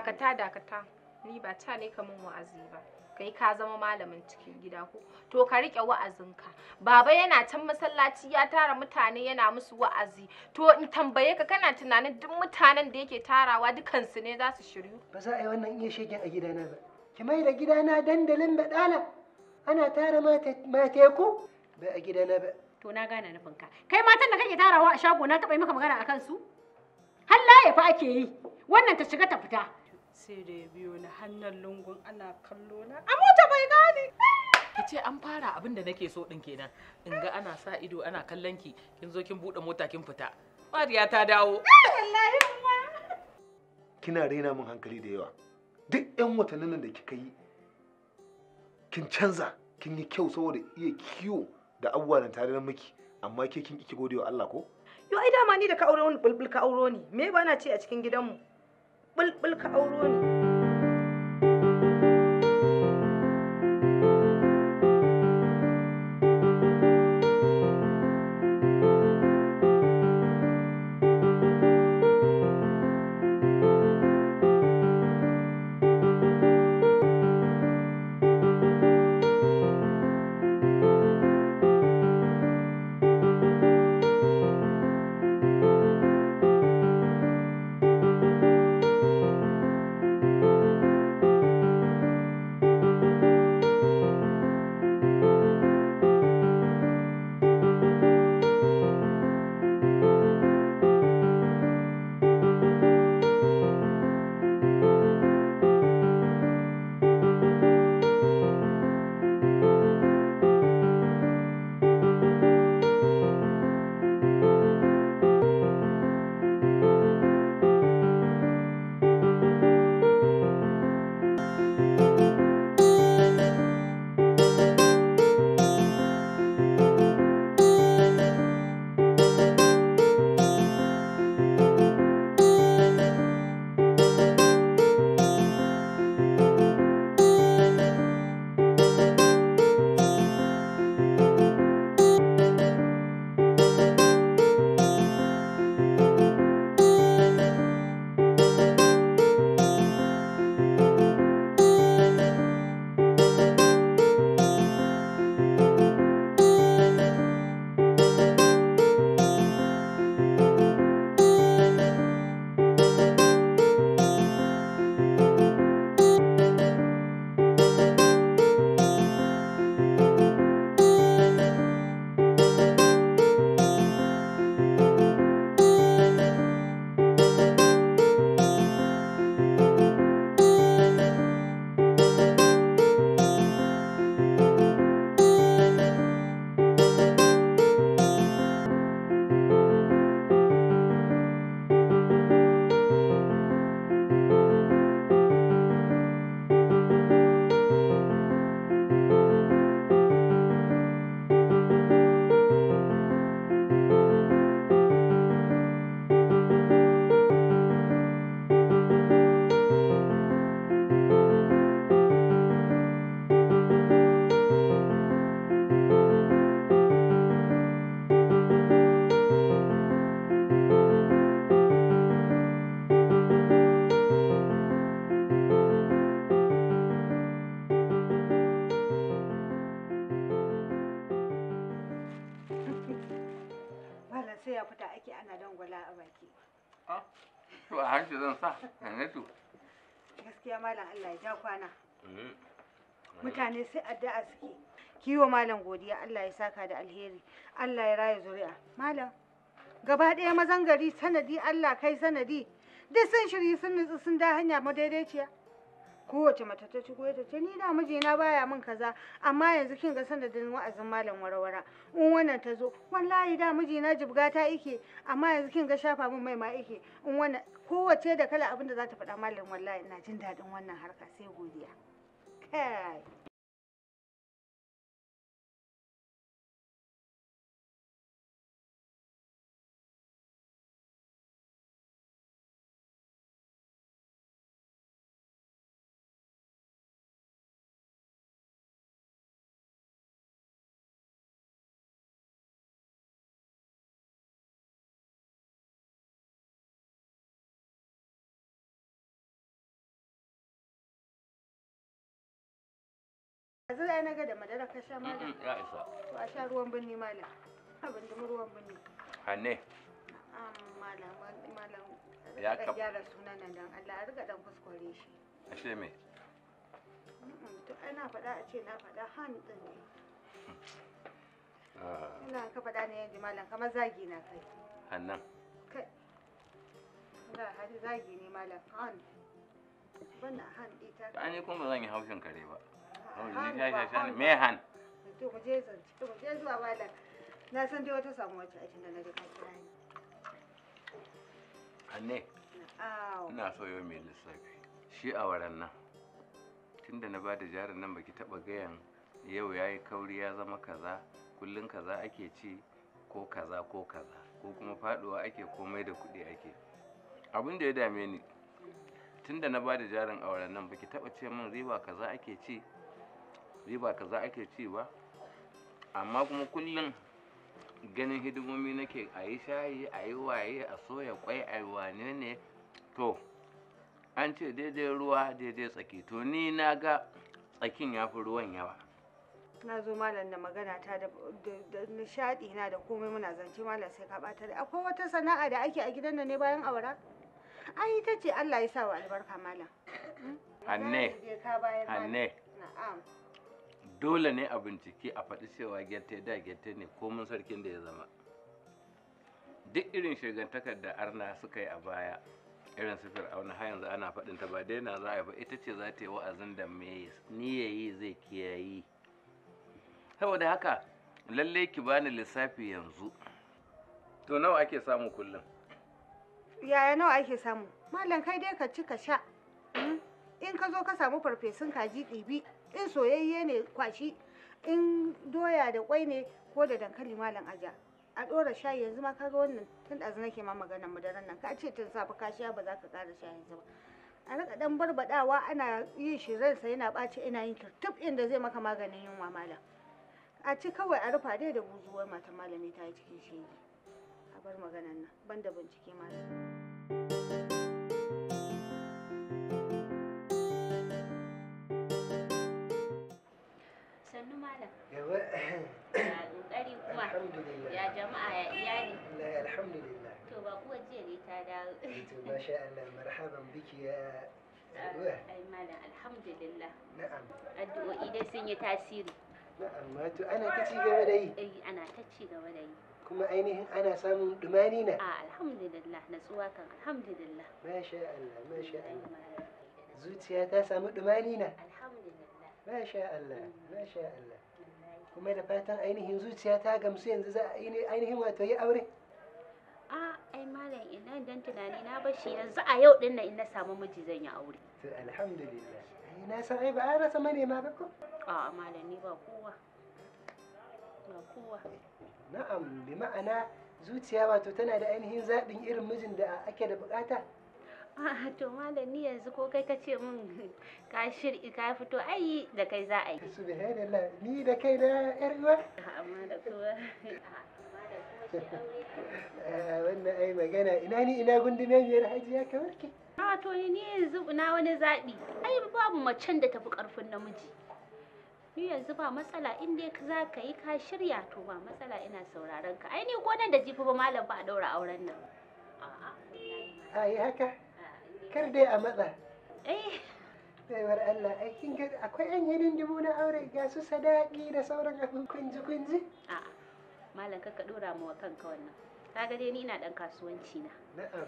dakata dakata ni ba ta ne kamun wa'azi ba kai ka zama malamin cikin gida ko to ka rike wa'azinka baba yana can masallaci ya tara mutane yana musu wa'azi to in tambaye ka kana tunanin duk mutanen da yake tarawa dukansu ne za su shiryu ba za a yi wannan iya shegen a gidana ba ki mai da gidana dandalin baɗala ana tara mateku ba a gidana ba to na gane nufinka kai matan da kake tarawa a shago na taɓa yi maka magana a kansu har laye fa ake yi wannan ta shiga ta fita sai da ya biyo ni hannun lungun ana kallo na a mota bai gane ki ce an fara abin da nake so din kenan in ga ana sa ido ana kallon ki kin zo kin bude mota kin fita Mariya ta dawo wallahi kina raina min hankali da yawa duk yan watannin nan da kika yi kin canza kin yi kyau saboda iya kiwo da abubuwa da tare da miki amma ke kin ki gode wa Allah ko yo ai dama ni da ka aure wani bulbul ka auro ni me ba na ce a cikin gidanmu bulbul ka auro ne Allah ya ja kwana mm. mutane sai addu'a suke kiwo malam godiya Allah ya saka da alheri Allah ya raya zuri'a malam gaba ɗaya mazan gari sanadi Allah kai sanadi duk sun shirye sun nutsu sun da hanya madaidaiciya kowace mace ta shigo ta ce ni da mijina baya min kaza amma yanzu kin ga sanda da wa'azin malam warwara in wannan ta zo wallahi da mijina jibga ta ike amma yanzu kin ga shafa min mai ma ike in wannan kowace da kala abin da za ta faɗa malam wallahi ina jin daɗin wannan harka sai godiya kai yanzu zai na ga da madara ka sha malam ya isa to a sha ruwan binni malam abin da ruwan binni hanne malam malam ya ka gyara sunan nan Allah a riga dan kuskure shi ashe me to ana faɗa a ce na faɗa han din ne ah. ina ka faɗa ne yanzu malam kamar zagi na kai hannan kai ina hali zagi ne malam han ban han ita ta ne kuma zan yi haushin kare ba me han na san dai wata samu wacce aikin da na ga kira ni anne ina so yau mai lissafi shi a waran nan tunda na bada jarin nan baki taba gayan yau yayi kauri ya zama kaza kullun kaza ake ci ko kaza ko kaza ko kuma faduwa ake komai da kuɗi ake abin da ya dame ni tunda na bada jarin auren nan baki taba ce min riba kaza ake ci riba kaza ake ci ba amma kuma kullum ganin hidimomi nake a yi shayi a yi waye a soya kwai a yi wane ne to an ce daidai ruwa daidai tsaki to ni na ga tsakin ya fi ruwan yawa na zo malam da magana ta da nishaɗi na da komai muna zance malam sai ka ɓata da akwai wata sana'a da ake a gidan da ne bayan awara ai ta ce Allah ya sa wa albarka malam hmm? anne anne na'am dole ne a bincike a faɗi cewa gete da gete ne komin sarkin da ya zama duk irin shigantakar da arna suka yi a baya irin su fir'auna har yanzu ana faɗin ta ba daina za a ba ita ce za ta yi wa'azin da mai ni zai kiyayi saboda haka lallai ki bani lissafi yanzu to nawa ake samu kullum yaya nawa ake samu malam kai dai ka ci ka sha hmm? in ka zo ka samu farfesun kaji ɗibi in soyayye ne kwashi in doya da kwai ne ko da dankali malam aja a ɗora shayi yanzu ma kaga wannan tun da nake ma maganar madarar nan ka ce tun safe ka sha ba za ka ƙara sha yanzu ba a rika dan barbadawa ana yin shi ransa yana ɓaci ina yin kirtuf da zai maka maganin yunwa malam a ci kawai a rufa dai da buzuwar matan malami ta yi cikin shege a bar maganan nan banda bincike malam a Yawa. Ya kuma. Ya jama'a ya jiya ne ta dawo. Eh, to masha Allah biki ya Na'am. Addu'o'i dai sun yi tasiri. Na'am wato ana ta ci gaba da yi. Eh ana ta ci gaba da yi. kuma ainihin ana samun dumani na? A alhamdulillah natsuwa kan alhamdulillah. Masha Allah, masha Allah. Zuciya ta samu dumani na? Alhamdulillah. masha Allah masha Allah kuma da fatan ainihin zuciya ta gamsu yanzu za a ainihin wato yi aure a ai malam ina dan tunani na bashi yanzu a yau din nan in na samu miji zan yi aure to alhamdulillah ai na san ai ba a rasa mane ma ba ko a malam ni ba kowa ba kowa na'am bi ma'ana zuciya wato tana da ainihin zaɓin irin mijin da ake da buƙata. to malami yanzu ko kai kace min ka shiri ka fito ai da kai za a yi Allah ni da kai da yar uwa amma da kowa eh, wannan ai magana ina ni ina gundume biyar hajiya kamar ke a to ni yanzu na wani zaɓi ai babu macen da tafi ƙarfin namiji ni yanzu ba matsala in dai za ka yi ka shirya to ba matsala ina sauraron ka ai ni ko nan da jifi ba malam ba a ɗaura auren nan A yi haka kar dai a matsa eh. baiwar Allah aikin ga akwai yan hidin dubu na aure ga su sadaki da sauran abin kunji kunji a malam ka dora mu kanka wannan ga dai ni ina dan kasuwanci na na'am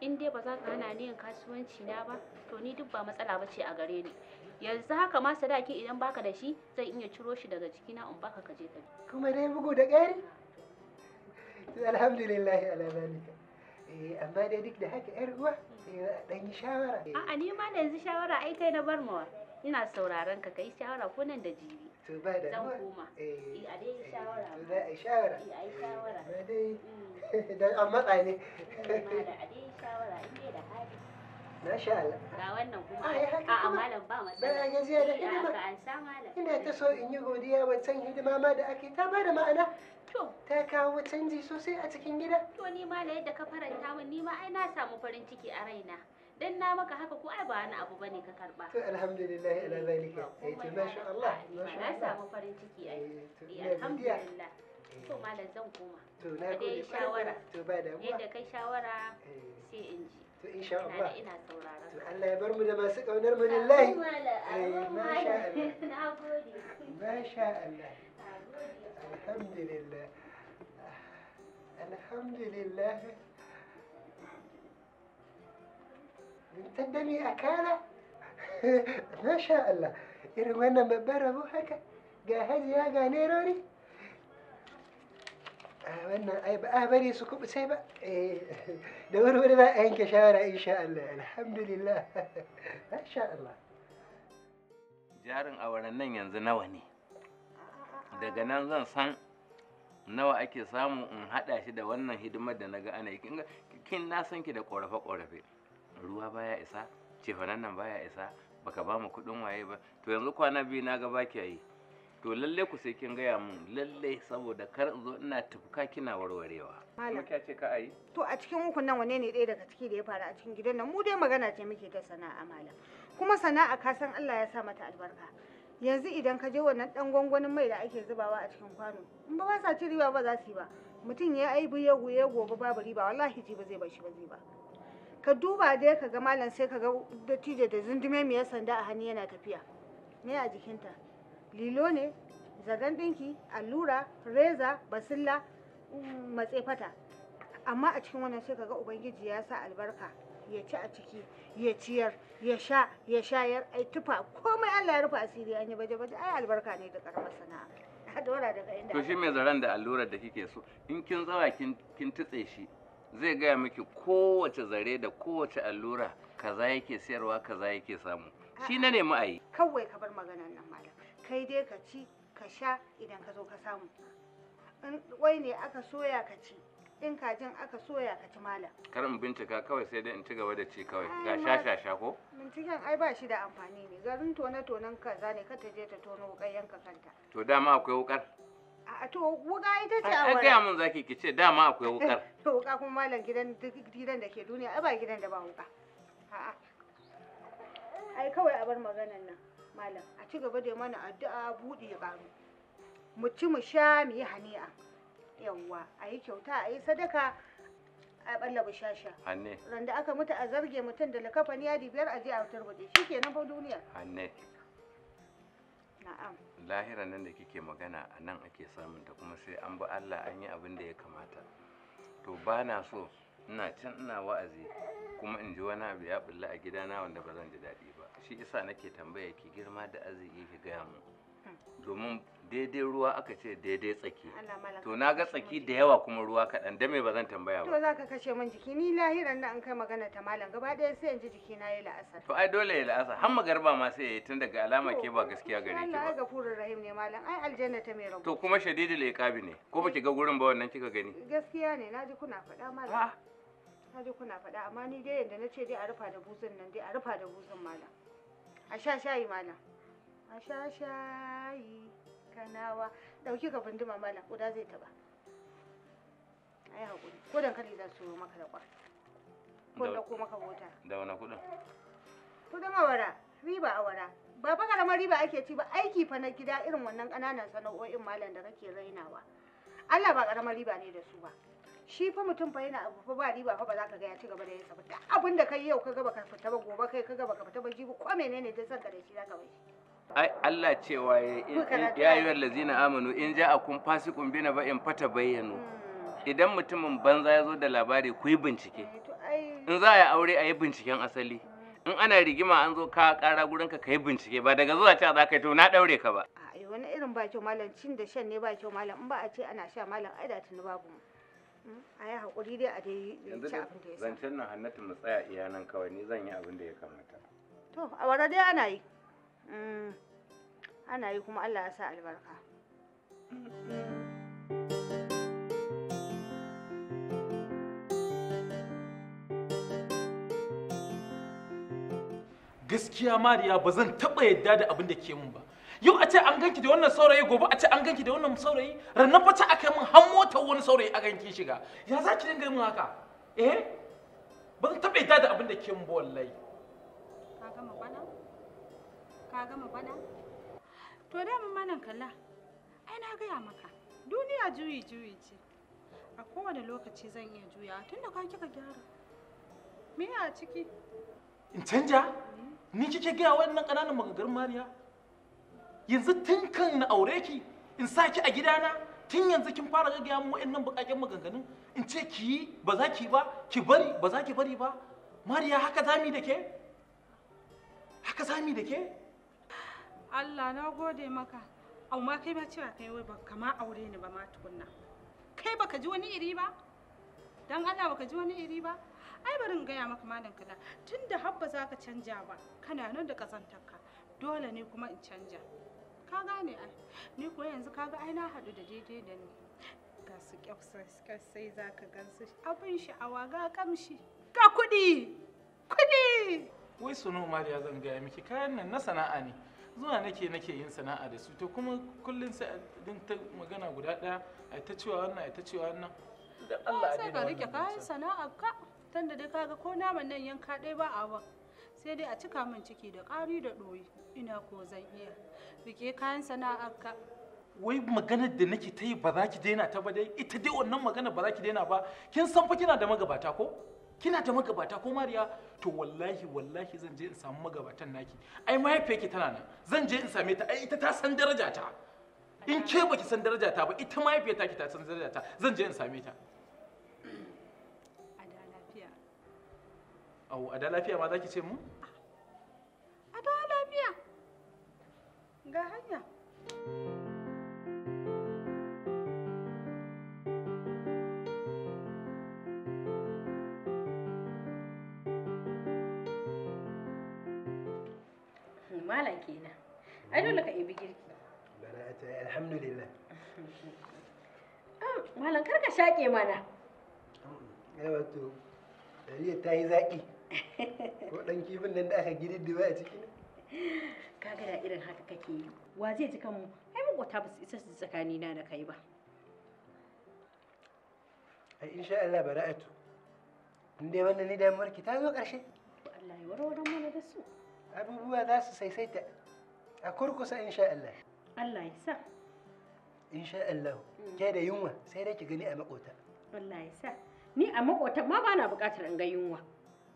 in dai ba za ka hana ni yin kasuwanci na ba to ni duk ba matsala ba ce a gare ni yanzu haka ma sadaki idan baka da shi zan iya ciro shi daga jikina in baka ka je ka kuma dai bugu da ƙari alhamdulillah ala zalika Eh amma dai duk da haka yar uwa dan eh, yi shawara eh. a'a ni ma yanzu shawara ai kai na bar mawa ina sauraron ka kai shawara ko nan da jibi to ba da zan koma eh a dai eh, shawara to da ai shawara eh ai shawara ba dai mm. dan an matsa ne a dai shawara in da hali Masha Allah. Ga wannan kuma a malam ba matsala. Bayan gajiya da hidima. Ina ta so in yi godiya wancan hidima ma da ake ta ba da ma'ana. ta kawo canji sosai a cikin gida. To ni ma la yadda ka faranta min ni ma ai na samu farin ciki a raina. Dan na maka haka ko ai ba wani abu bane ka karba. To alhamdulillah ala zalika. Eh to masha Allah. Na samu farin ciki ai. Eh, alhamdulillah. Eh. To malam zan koma. To na gode shawara. To ba da mu. Yadda kai shawara eh. sai in ji. To insha Allah. Ina sauraron. To Allah ya bar mu da masu kaunar mu lillahi. Eh masha Allah. Na gode. Masha Allah. الحمد لله الحمد لله الدنيا أكالة ما شاء الله إرمانا مبارة بوحكا جاهز يا جانيروني أهبنا أيبقى أهبني سكوب سيبا إيه. دور ولا إنك شارع إن شاء الله الحمد لله ما شاء الله جارن أولا نين yanzu nawa daga nan zan san nawa ake samu in haɗa shi da wannan hidimar da naga ana yi kin na san ki da ƙorafe ƙorafe ruwa baya isa cefanan nan baya isa baka ba mu kuɗin waye ba to yanzu kwana biyu na ga baki yi to lalle ku sai kin gaya mun lalle saboda kar in zo ina tufka kina warwarewa kuma kya ce ka ayi to a cikin hukun nan wane ne ɗaya daga ciki da ya faru a cikin gidan nan mu dai magana ce muke ta sana'a malam kuma sana'a ka san Allah ya sa mata albarka yanzu idan ka je wannan dan gwangwanin mai da ake zubawa a cikin kwano in ba sa ci riba ba za su yi ba mutum ya aibu ya goye gobe babu riba wallahi ji ba zai ba shi ba zai ba ka duba dai ka ga malam sai ka ga dattijo da zundume mai sanda a hannu yana tafiya me a jikinta lilo ne zagan dinki allura reza basilla mm, matsefata fata amma a cikin wannan sai ka ga ubangiji ya sa albarka ya ci a ciki ya ciyar ya sha ya shayar ai tufa komai Allah ya rufe asiri an yi baje baje ai albarka ne da karamar sana'a dora daga inda to shi mai zaren da allurar da kike so in kin zawa kin tutse shi zai gaya miki kowace zare da kowace allura kaza yake sayarwa kaza yake samu shi na nemi ayi kawai ka bar maganar nan malam kai dai ka ci ka sha idan ka zo ka samu wai ne aka soya ka ci in kajin aka soya ka ci kar in bincika kawai sai dai in ci gaba da ci kawai ga sha ko binciken ai ba shi da amfani ne garin tona-tonan kaza ne ka ta je ta tono wukar yanka kanta to dama akwai wukar a to wuka ita ce a wurin gaya mun zaki ki ce dama akwai wukar to wuka kuma malam gidan gidan da ke duniya ai ba gidan da ba wuka a'a ai kawai a bar maganan nan malam a ci gaba da mana addu'a buɗe ya ƙaru mu ci mu sha mu yi hani'a yawwa a yi kyauta a yi sadaka a balla bushasha hanne randa aka mutu a zarge mutum da likafani yadi biyar a je a ke nan fa duniya hanne na'am lahira nan da kike magana a nan ake samun ta kuma sai an bi Allah an yi abin da ya kamata to ba na so ina can ina wa'azi kuma in ji wani abu ya bulla a gidana wanda ba zan ji daɗi ba shi isa nake tambaya ki girma da arziki ki gaya mu hmm. domin daidai ruwa aka ce daidai tsaki to na ga tsaki da yawa kuma ruwa kaɗan da me ba zan tambaya ba to za ka kashe min jiki ni lahiran nan an kai magana ta malam gaba ɗaya sai in ji jiki na yi la'asar to ai dole ya la'asar har magarba ma sai ya yi tun daga alama ke ba gaskiya gare ki ba Allah gafurur rahim ne malam ai aljanna ta mai rabu to kuma shadidul iqabi ne ko baki ga gurin ba wannan kika gani gaskiya ne ji kuna faɗa malam ah. na ji kuna faɗa amma ni dai yadda na ce dai a rufa da buzun nan dai a rufa da buzun malam a sha shayi malam a sha shayi kanawa dauki ka binduma malam kuda zai taba ai hakuri ko dankali za su maka da kwa ko da ko maka bota da wani kudin kudin awara riba awara ba fa karamar riba ake ci ba aiki fa na gida irin wannan kananan sana'o'in malam da kake rainawa Allah ba karamar riba ne da su ba shi fa mutum fa yana abu fa ba riba fa ba za ka ga ya ci gaba da yin sa ba abin da kai yau ka gaba ka fita ba gobe kai ka gaba ka fita ba jibi ko menene da san ka da shi za ka bai ai Allah cewa ya yi lazina amanu in ja a kun fasikun na ba in fata bayyano hmm. idan mutumin banza ya zo da labari ku yi bincike eh, in za a yi aure a yi binciken asali hmm. in ana rigima an zo ka kara gurin ka yi bincike ba daga zuwa ta za ka to na daure ka ba eh, wani irin ba kyau malam cin da shan ne ba kyau malam in ba a ce ana sha malam ai da tuni babu hmm, a yi hakuri dai a dai yi ci abin da ya sa zancen nan hannatu mu tsaya iyanan kawai ni zan yi abin da ya kamata to a wara dai ana yi Mm. ana yi kuma Allah ya sa albarka gaskiya mariya ba zan taɓa yadda da abin da ke mun ba yau a ce an ganki da wannan saurayi gobe a ce an ganki da wannan saurayi rannan fata aka yi min har motar wani saurayi a ganki shiga ya za ki dinga min haka eh ba zan taɓa yadda da abin da ke mun ba wallahi ka gama bana Ka gama faɗa? To dama manan kalla, ai na gaya maka, duniya juyi-juyi ce. A kowane lokaci zan iya juya tunda ka kika gyara. Me a ciki? In canja? Ni kike gaya waɗannan ƙananan magagarin Mariya? Yanzu tun kan na aure ki, in sa ki a gidana, tun yanzu kin fara gaggaya mu waɗannan buƙaƙen maganganun, in ce ki yi ba za ki ba, ki bari ba za ki bari ba. Mariya haka zami da ke? Haka zami da ke? Allah na gode maka amma kai ba cewa kai wai ba kama aure ni ba ma tukunna kai baka ji wani iri ba dan Allah baka ji wani iri ba ai bari gaya maka malam kada tunda har ba za ka canja ba kana nan da kazantarka dole ne kuma in canja ka gane ai ni kuwa yanzu kaga ai na haɗu da daidai da ni ga su sai za ka gansu abin sha'awa ga kamshi ga kuɗi kuɗi wai sunu mariya zan gaya miki kayan nan na sana'a ne zuwa nake nake yin sana'a da su to kuma kullum sai din ta magana guda ɗaya a ta cewa wannan a ta cewa wannan da Allah a sai ka rike kayan sana'a ka tunda dai kaga ko naman nan yanka ɗaya ba a ba sai dai a cika min ciki da ƙari da ɗoyi ina ko zan iya rike kayan sana'a ka wai maganar da nake ta yi ba za ki daina ta ba dai ita dai wannan magana ba za ki daina ba kin san fa kina da magabata ko kina ta magabata ko mariya to wallahi wallahi zan je in samu magabatan naki ai mahaifiyarki tana nan zan je in same ta ai ita ta san daraja ta in ke baki san daraja ta ba ita mahaifiyarta ki ta san daraja ta zan je in same ta Au, a da lafiya ma za ki ce mu? A da lafiya. Ga hanya. alhamdulillah malam ka shaƙe mana yawa to ta yi zaƙi ko ɗan kifin nan da aka gididdiba a ciki kaga da irin haka kake yi wa zai ji kanmu ai makwata ba su isa su tsakani na da kai ba ai insha Allah bara'atu in dai wannan ne damar ki ta zo ƙarshe Allah ya warware mana da su abubuwa za su saisaita a kurkusa insha Allah Allah ya sa insha Allah mm. ke da yunwa sai dai ki gani a makota wallahi sa ni a makota ma bana buƙatar in ga yunwa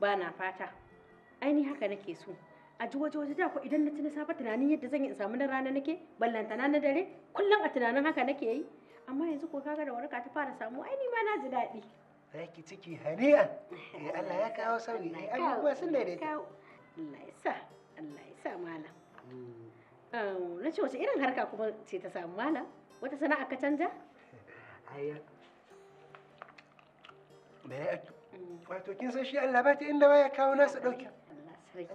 bana fata ai ni haka nake so a ji waje waje da ko idan na ci na tunanin yadda zan yi in samu na rana nake ballantana na dare kullum a tunanin haka nake yi amma yanzu ko kaga da waraka ta fara samu ai ni ma na ji daɗi ki ciki haniya eh Allah ya kawo ai eh abubuwa sun daidaita Allah ya sa Allah ya sa malam mm. na ce wace irin harka kuma ce ta samu malam wata sana'a ka canja? Ayya. Da ya wato kin san shi Allah ba ta inda ya kawo nasa ɗauki.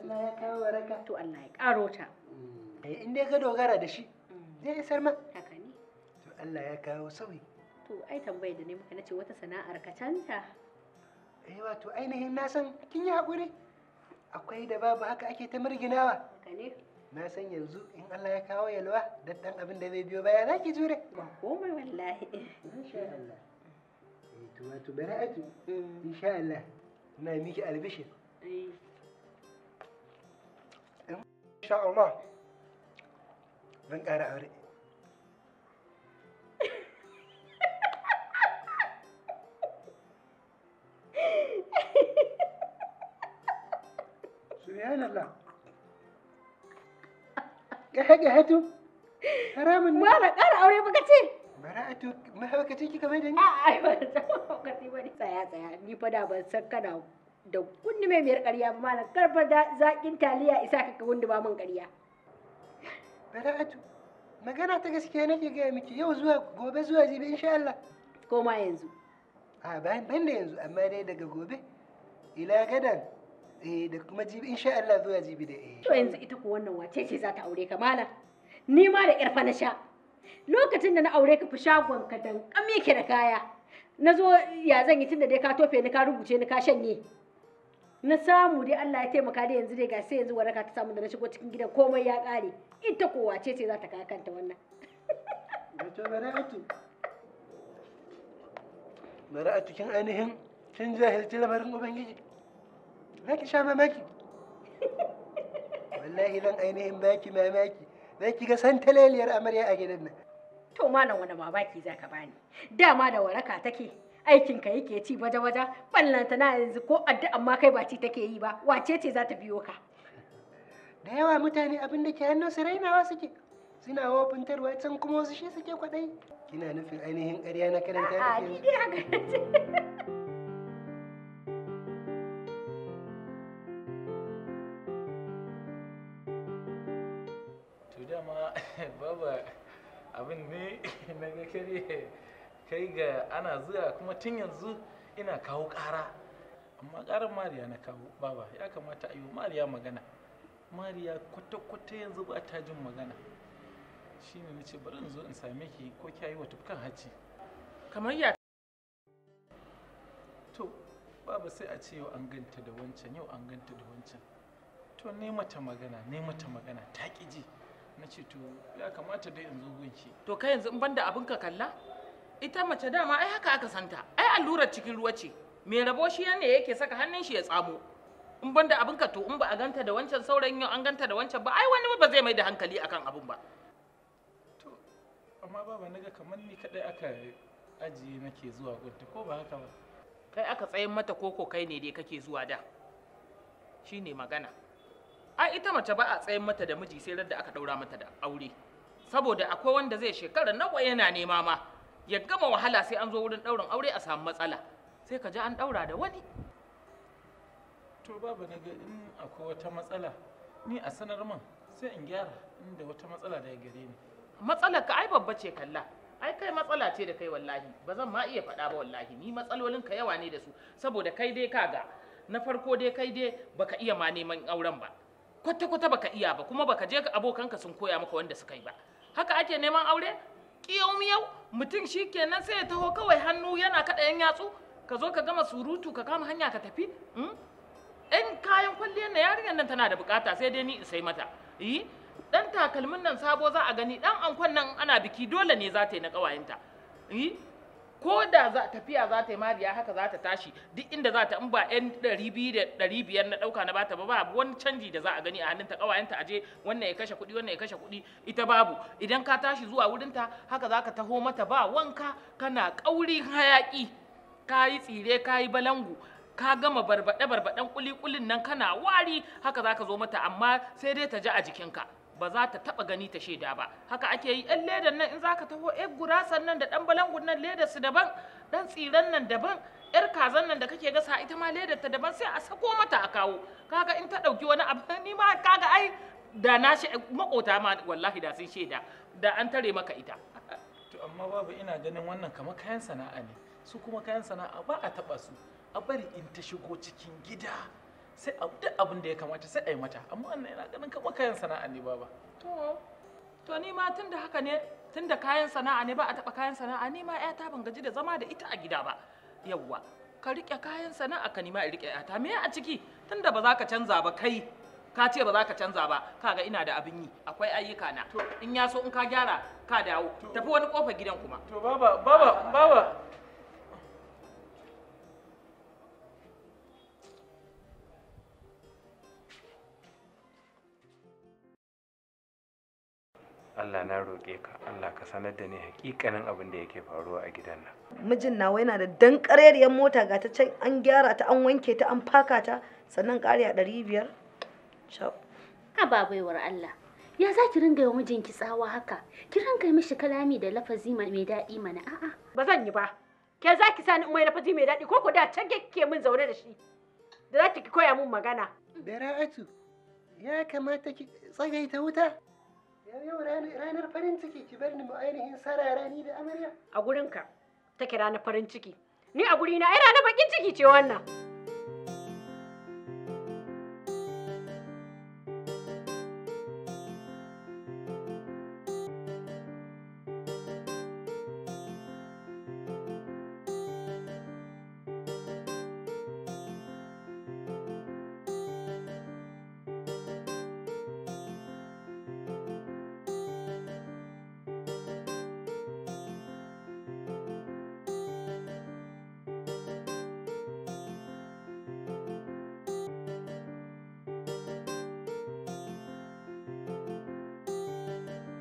Allah ya kawo waraka. To Allah ya ƙaro ta. Mm. Eh in dai ka dogara da shi mm. zai isar ma. Haka ne. To Allah ya kawo sauyi. To ai tambayar da ne maka nace wata sana'ar ka canja. Eh wato ainihin na san kin yi haƙuri. Akwai da babu haka ake ta murginawa. Haka ne. na san yanzu in Allah ya kawo yalwa da dan abin da zai biyo baya za ki jure ba komai wallahi insha Allah eh to wato bara'atu mm. insha Allah na miki albishir eh. insha Allah zan ƙara aure Subhanallah ka haɗe hatu haramun ne mara ƙara aure baka ce Bara'atu mahaukaci kika mai da ni? A'a, ba ta mahaukaci ba ni tsaya tsaya. Ni fa da ban san kana da kunni mai miyar ƙarya ba malam karfa zaƙin taliya isa ka ka wanda ba mun ƙarya. Bara'atu magana ta gaskiya nake gaya miki yau zuwa gobe zuwa jibi insha Allah. Ko ma yanzu. A ban da yanzu amma dai daga gobe ila gadan eh da kuma jibi insha Allah zuwa jibi da eh to yanzu ita ko wannan wace ce za ta aure ka mala ni ma da ƙarfa na sha lokacin da na aure ka fi shagon ka dan kame ki da kaya na zo ya zan yi tunda dai ka tofe ni ka rubuce ni ka shanye na samu dai Allah ya taimaka dai yanzu dai ga sai yanzu waraka ta samu da na shigo cikin gidan komai ya ƙare ita ko wace ce za ta kaya kanta wannan wato bare bara'atu kin ainihin kin jahilci lamarin ubangiji za ki sha mamaki wallahi zan ainihin baki mamaki za ki ga santalaliyar amarya a gidan nan to malam wani زاكا za ka ما dama da waraka aikin aikinka yake ci waje waja ta na yanzu ko addu'a ma kai ba ci take yi ba wace ce za ta biyo ka da yawa mutane abin da ke hannun su rainawa suke suna wafintarwa can kuma wasu shi suke kwaɗayi kina nufin ainihin ƙarya na karanta da ke ni dai haka kai ga ana zuwa kuma tun yanzu ina kawo ƙara amma ƙarar mariya na kawo baba ya kamata a yi mariya magana mariya kwata-kwata yanzu ba ta jin magana shine na ce bari in zo in same ki ko kya yi wata kan hajji kamar ya to baba sai a ce yau an ganta da wancan yau an ganta da wancan to ne mata magana ne mata magana ta ƙi ji na ce to ya kamata dai in zo gunki to kai yanzu in banda abin ka kalla ita mace dama ai haka aka santa ai allurar cikin ruwa ce me rabo shi ne yake saka hannun shi ya tsamo in banda abin ka to in ba a ganta da wancan sauran yau an ganta da wancan ba ai wani ba zai mai da hankali akan abin ba to amma baba naga kamar ni kadai aka ajiye nake zuwa gunta ko ba haka ba kai aka tsayin mata koko kai ne dai kake zuwa da shine magana ai ita mace ba a tsayin mata da miji sai da aka daura mata da aure saboda akwai wanda zai shekara nawa yana nema ma ya gama wahala sai an zo wurin daurin aure a samu matsala sai ka ji an daura da wani to babu na ga in akwai wata matsala ni a sanar man sai in gyara inda wata matsala da ya gare ni matsalar ka ai babba ce kalla ai kai matsala ce da kai wallahi ba zan ma iya faɗa ba wallahi ni matsalolin ka yawa ne da su saboda kai dai kaga na farko dai kai dai baka iya ma neman auren ba kwata-kwata baka iya ba kuma baka je ka abokanka sun koya maka wanda suka yi ba haka ake neman aure kiyau miyau mutum shikenan sai ya taho kawai hannu yana kada yan yatsu ka zo ka gama surutu ka kama hanya ka tafi ɗan hmm? kayan kwalliyar na yarinyar nan tana da bukata sai dai ni in sai mata yi ɗan takalmin nan sabo za a gani ɗan ankon nan ana biki dole ne za ta yi na ƙawayenta yi ko da za tafiya za ta yi mariya haka za ta tashi duk inda za ta in ba yan ɗari da ɗari na ɗauka na bata ba ba wani canji da za a gani a hannunta ƙawayenta aje wannan ya kashe kuɗi wannan ya kashe kuɗi ita babu idan ka tashi zuwa wurinta haka za ka taho mata ba wanka kana ƙaurin hayaƙi ka yi tsire ka yi balangu ka gama barbaɗe barbaɗen ƙuli ƙulin nan kana wari haka za ka zo mata amma sai dai ta ji a jikinka ba za ta taba gani ta shaida ba haka ake yi yan ledan nan in za ka taho yan gurasan nan da ɗan balangun nan ledar su daban dan tsiran nan daban yar kazan nan da kake gasa ita ma ledar ta daban sai a sako mata a kawo kaga in ta dauki wani abu ni ma kaga ai da na shi makota ma wallahi da sun shaida da an tare maka ita to amma babu ina ganin wannan kamar kayan sana'a ne su kuma kayan sana'a ba a taba su a bari in ta shigo cikin gida sai duk abin da ya kamata sai a yi mata amma wannan yana ganin kamar kayan sana'a ne ba ba to to ni ma tunda haka ne tunda kayan sana'a ne ba a taba kayan sana'a ni ma ƴata ban gaji da zama da ita a gida ba yawwa ka rike kayan sana'a ka nima rike ƴata me a ciki tunda ba za ka canza ba kai ka ce ba za ka canza ba kaga ina da abin yi akwai ayyuka na in ya so in ka gyara ka dawo tafi wani kofar gidan kuma to baba baba baba Allah na roƙe ka Allah ka sanar da ni hakikanin abin da yake faruwa a gidan nan mijin nawa yana da dan ƙarerriyar mota ga ta can an gyara ta an wanke ta an faka ta sannan ƙari a ɗari biyar a babaiwar Allah ya za ki ringa yi ki tsawa haka ki ringa yi mishi kalami da lafazi mai daɗi mana a'a ba zan yi ba ke za ki sani mai lafazi mai daɗi ko ku da can ke min zaune da shi da za ki koya min magana Bara'atu ya kamata ki tsagaita wuta yau ranar farin ciki ki bar ni mu ainihin sarara da amarya a gurinka take ranar farin ciki ni a gurina ai ranar bakin ciki ce wannan